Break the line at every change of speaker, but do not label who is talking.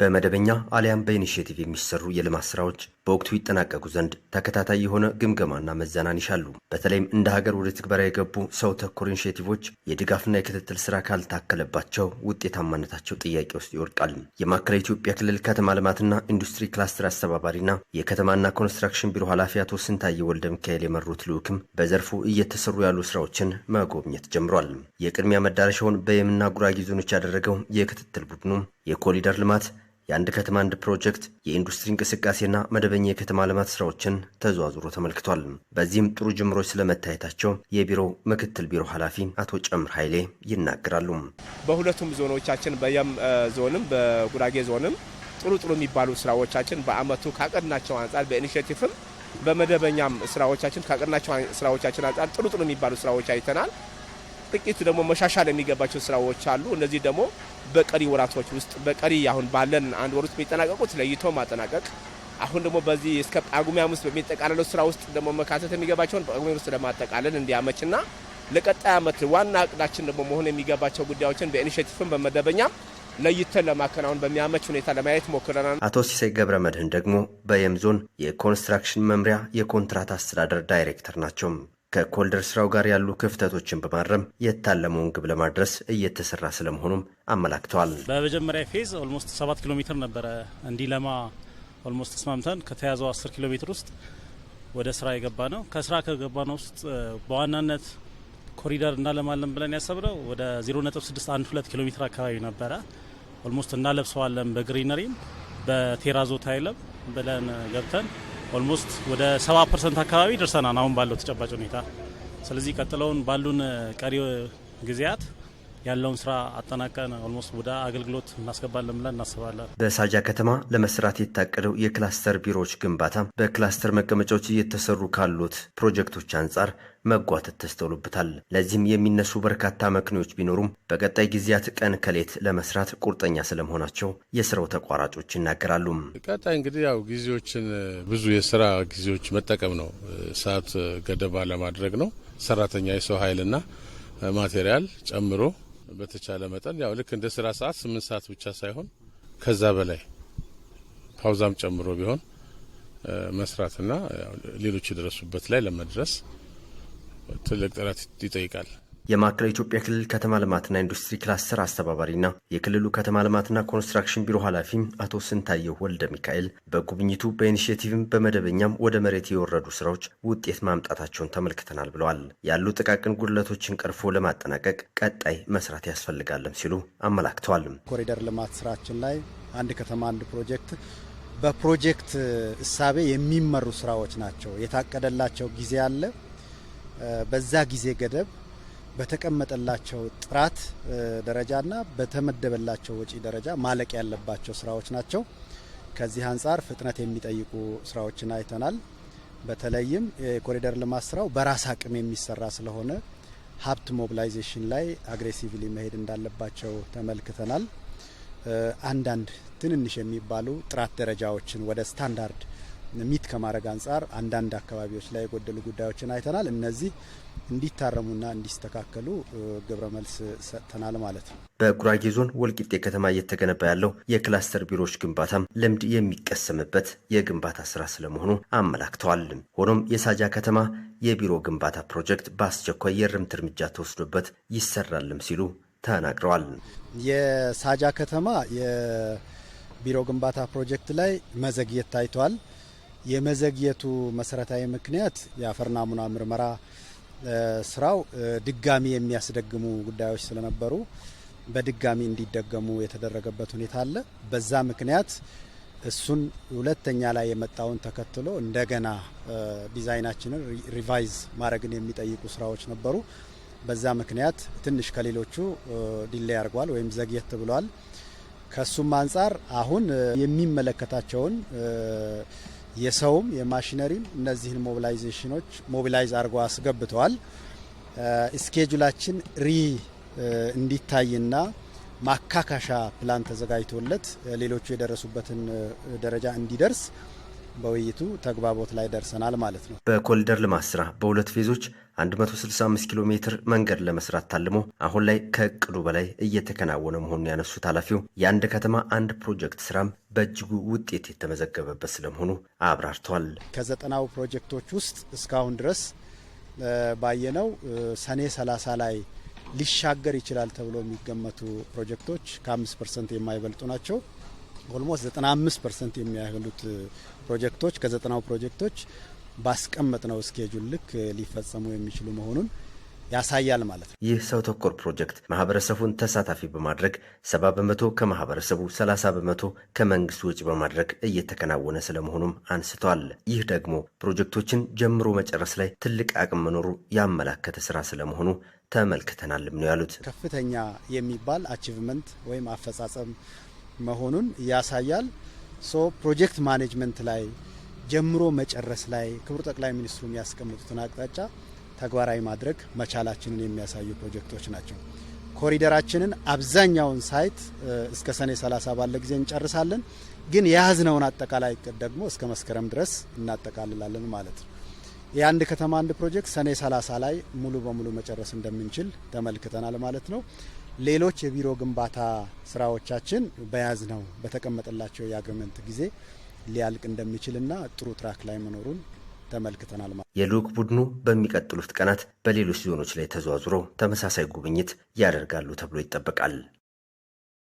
በመደበኛ አሊያም በኢኒሽቲቭ የሚሰሩ የልማት ስራዎች በወቅቱ ይጠናቀቁ ዘንድ ተከታታይ የሆነ ግምገማና መዘናን ይሻሉ። በተለይም እንደ ሀገር ወደ ትግበራ የገቡ ሰው ተኮር ኢኒሽቲቮች የድጋፍና የክትትል ስራ ካልታከለባቸው ውጤታማነታቸው ጥያቄ ውስጥ ይወድቃል። የማዕከላዊ ኢትዮጵያ ክልል ከተማ ልማትና ኢንዱስትሪ ክላስተር አስተባባሪና የከተማና ኮንስትራክሽን ቢሮ ኃላፊ አቶ ስንታየ ወልደ ሚካኤል የመሩት ልዑክም በዘርፉ እየተሰሩ ያሉ ስራዎችን መጎብኘት ጀምሯል። የቅድሚያ መዳረሻውን በየምና ጉራጌ ዞኖች ያደረገው የክትትል ቡድኑ የኮሪደር ልማት የአንድ ከተማ አንድ ፕሮጀክት የኢንዱስትሪ እንቅስቃሴና መደበኛ የከተማ ልማት ስራዎችን ተዘዋዝሮ ተመልክቷል። በዚህም ጥሩ ጅምሮች ስለመታየታቸው የቢሮው ምክትል ቢሮ ኃላፊ አቶ ጨምር ኃይሌ ይናገራሉ።
በሁለቱም ዞኖቻችን በየም ዞንም በጉራጌ ዞንም ጥሩ ጥሩ የሚባሉ ስራዎቻችን በአመቱ ካቀድናቸው አንጻር በኢኒሽቲቭም በመደበኛም ስራዎቻችን ካቀድናቸው ስራዎቻችን አንጻር ጥሩ ጥሩ የሚባሉ ስራዎች አይተናል። ጥቂት ደግሞ መሻሻል የሚገባቸው ስራዎች አሉ። እነዚህ ደግሞ በቀሪ ወራቶች ውስጥ በቀሪ አሁን ባለን አንድ ወር ውስጥ የሚጠናቀቁት ለይቶ ማጠናቀቅ አሁን ደግሞ በዚህ እስከ ጳጉሜ አምስት በሚጠቃለለው ስራ ውስጥ ደግሞ መካተት የሚገባቸውን ጳጉሜ ውስጥ ለማጠቃለል እንዲያመችና ለቀጣይ ዓመት ዋና እቅዳችን ደግሞ መሆን የሚገባቸው ጉዳዮችን በኢኒሽቲቭም በመደበኛ ለይተን ለማከናወን በሚያመች ሁኔታ ለማየት ሞክረናል።
አቶ ሲሳይ ገብረ መድህን ደግሞ በየም ዞን የኮንስትራክሽን መምሪያ የኮንትራት አስተዳደር ዳይሬክተር ናቸው። ከኮልደር ስራው ጋር ያሉ ክፍተቶችን በማረም የታለመውን ግብ ለማድረስ እየተሰራ ስለመሆኑም አመላክተዋል።
በመጀመሪያ ፌዝ ኦልሞስት ሰባት ኪሎ ሜትር ነበረ እንዲለማ ኦልሞስት ተስማምተን ከተያዘው አስር ኪሎ ሜትር ውስጥ ወደ ስራ የገባ ነው። ከስራ ከገባ ነው ውስጥ በዋናነት ኮሪደር እናለማለን ብለን ያሰብነው ወደ 0.612 ኪሎ ሜትር አካባቢ ነበረ። ኦልሞስት እናለብሰዋለን በግሪነሪም በቴራዞ ታይለም ብለን ገብተን ኦልሞስት ወደ 70 ፐርሰንት አካባቢ ደርሰናል አሁን ባለው ተጨባጭ ሁኔታ። ስለዚህ ቀጥለውን ባሉን ቀሪ ጊዜያት ያለውን ስራ አጠናቀን ኦልሞስት ወደ አገልግሎት እናስገባለን ብለን እናስባለን።
በሳጃ ከተማ ለመስራት የታቀደው የክላስተር ቢሮዎች ግንባታ በክላስተር መቀመጫዎች እየተሰሩ ካሉት ፕሮጀክቶች አንጻር መጓተት ተስተውሎበታል። ለዚህም የሚነሱ በርካታ መክንዮች ቢኖሩም በቀጣይ ጊዜያት ቀን ከሌት ለመስራት ቁርጠኛ ስለመሆናቸው የስራው ተቋራጮች ይናገራሉ።
ቀጣይ እንግዲህ ያው ጊዜዎችን ብዙ የስራ ጊዜዎች መጠቀም ነው። ሰዓት ገደባ ለማድረግ ነው። ሰራተኛ የሰው ኃይልና ማቴሪያል ጨምሮ በተቻለ መጠን ያው ልክ እንደ ስራ ሰዓት ስምንት ሰዓት ብቻ ሳይሆን ከዛ በላይ ፓውዛም ጨምሮ ቢሆን መስራትና ሌሎች የደረሱበት ላይ ለመድረስ ትልቅ ጥረት ይጠይቃል።
የማዕከላዊ ኢትዮጵያ ክልል ከተማ ልማትና ኢንዱስትሪ ክላስተር አስተባባሪና የክልሉ ከተማ ልማትና ኮንስትራክሽን ቢሮ ኃላፊ አቶ ስንታየሁ ወልደ ሚካኤል በጉብኝቱ በኢኒሽቲቭም በመደበኛም ወደ መሬት የወረዱ ስራዎች ውጤት ማምጣታቸውን ተመልክተናል ብለዋል። ያሉ ጥቃቅን ጉድለቶችን ቀርፎ ለማጠናቀቅ ቀጣይ መስራት ያስፈልጋለም ሲሉ አመላክተዋል።
ኮሪደር ልማት ስራችን ላይ አንድ ከተማ አንድ ፕሮጀክት በፕሮጀክት እሳቤ የሚመሩ ስራዎች ናቸው። የታቀደላቸው ጊዜ አለ። በዛ ጊዜ ገደብ በተቀመጠላቸው ጥራት ደረጃና በተመደበላቸው ወጪ ደረጃ ማለቅ ያለባቸው ስራዎች ናቸው። ከዚህ አንጻር ፍጥነት የሚጠይቁ ስራዎችን አይተናል። በተለይም የኮሪደር ልማት ስራው በራስ አቅም የሚሰራ ስለሆነ ሀብት ሞቢላይዜሽን ላይ አግሬሲቭሊ መሄድ እንዳለባቸው ተመልክተናል። አንዳንድ ትንንሽ የሚባሉ ጥራት ደረጃዎችን ወደ ስታንዳርድ ሚት ከማድረግ አንጻር አንዳንድ አካባቢዎች ላይ የጎደሉ ጉዳዮችን አይተናል። እነዚህ እንዲታረሙና እንዲስተካከሉ ግብረ መልስ ሰጥተናል ማለት ነው።
በጉራጌ ዞን ወልቂጤ ከተማ እየተገነባ ያለው የክላስተር ቢሮዎች ግንባታም ልምድ የሚቀሰምበት የግንባታ ስራ ስለመሆኑ አመላክተዋል። ሆኖም የሳጃ ከተማ የቢሮ ግንባታ ፕሮጀክት በአስቸኳይ የእርምት እርምጃ ተወስዶበት ይሰራልም ሲሉ ተናግረዋል።
የሳጃ ከተማ የቢሮ ግንባታ ፕሮጀክት ላይ መዘግየት ታይቷል። የመዘግየቱ መሰረታዊ ምክንያት የአፈር ናሙና ምርመራ ስራው ድጋሚ የሚያስደግሙ ጉዳዮች ስለነበሩ በድጋሚ እንዲደገሙ የተደረገበት ሁኔታ አለ። በዛ ምክንያት እሱን ሁለተኛ ላይ የመጣውን ተከትሎ እንደገና ዲዛይናችንን ሪቫይዝ ማድረግን የሚጠይቁ ስራዎች ነበሩ። በዛ ምክንያት ትንሽ ከሌሎቹ ዲሌይ አድርጓል ወይም ዘግየት ብሏል። ከሱም አንጻር አሁን የሚመለከታቸውን የሰውም የማሽነሪም እነዚህን ሞቢላይዜሽኖች ሞቢላይዝ አድርጎ አስገብተዋል። ስኬጁላችን ሪ እንዲታይና ማካካሻ ፕላን ተዘጋጅቶለት ሌሎቹ የደረሱበትን ደረጃ እንዲደርስ በውይይቱ ተግባቦት ላይ ደርሰናል ማለት ነው።
በኮሊደር ልማት ስራ በሁለት ፌዞች 165 ኪሎ ሜትር መንገድ ለመስራት ታልሞ አሁን ላይ ከእቅዱ በላይ እየተከናወነ መሆኑን ያነሱት ኃላፊው የአንድ ከተማ አንድ ፕሮጀክት ስራም በእጅጉ ውጤት የተመዘገበበት ስለመሆኑ አብራርተዋል።
ከዘጠናው ፕሮጀክቶች ውስጥ እስካሁን ድረስ ባየነው ሰኔ 30 ላይ ሊሻገር ይችላል ተብሎ የሚገመቱ ፕሮጀክቶች ከ5 ፐርሰንት የማይበልጡ ናቸው። ኦልሞስት 95 ፐርሰንት የሚያህሉት ፕሮጀክቶች ከዘጠናው ፕሮጀክቶች ባስቀመጥ ነው እስኬጁል ልክ ሊፈጸሙ የሚችሉ መሆኑን ያሳያል ማለት ነው።
ይህ ሰው ተኮር ፕሮጀክት ማህበረሰቡን ተሳታፊ በማድረግ ሰባ በመቶ ከማህበረሰቡ ሰላሳ በመቶ ከመንግስት ውጭ በማድረግ እየተከናወነ ስለመሆኑም አንስተዋል። ይህ ደግሞ ፕሮጀክቶችን ጀምሮ መጨረስ ላይ ትልቅ አቅም መኖሩ ያመላከተ ስራ ስለመሆኑ ተመልክተናልም ነው ያሉት።
ከፍተኛ የሚባል አቺቭመንት ወይም አፈጻጸም መሆኑን ያሳያል። ሶ ፕሮጀክት ማኔጅመንት ላይ ጀምሮ መጨረስ ላይ ክቡር ጠቅላይ ሚኒስትሩ የሚያስቀምጡትን አቅጣጫ ተግባራዊ ማድረግ መቻላችንን የሚያሳዩ ፕሮጀክቶች ናቸው። ኮሪደራችንን አብዛኛውን ሳይት እስከ ሰኔ 30 ባለ ጊዜ እንጨርሳለን። ግን የያዝነውን አጠቃላይ እቅድ ደግሞ እስከ መስከረም ድረስ እናጠቃልላለን ማለት ነው። የአንድ ከተማ አንድ ፕሮጀክት ሰኔ 30 ላይ ሙሉ በሙሉ መጨረስ እንደምንችል ተመልክተናል ማለት ነው። ሌሎች የቢሮ ግንባታ ስራዎቻችን በያዝ ነው በተቀመጠላቸው የአግሪመንት ጊዜ ሊያልቅ እንደሚችልና ጥሩ ትራክ ላይ መኖሩን ተመልክተናል። ማለት
የልዑክ ቡድኑ በሚቀጥሉት ቀናት በሌሎች ዞኖች ላይ ተዘዋዝሮ ተመሳሳይ ጉብኝት ያደርጋሉ ተብሎ ይጠበቃል።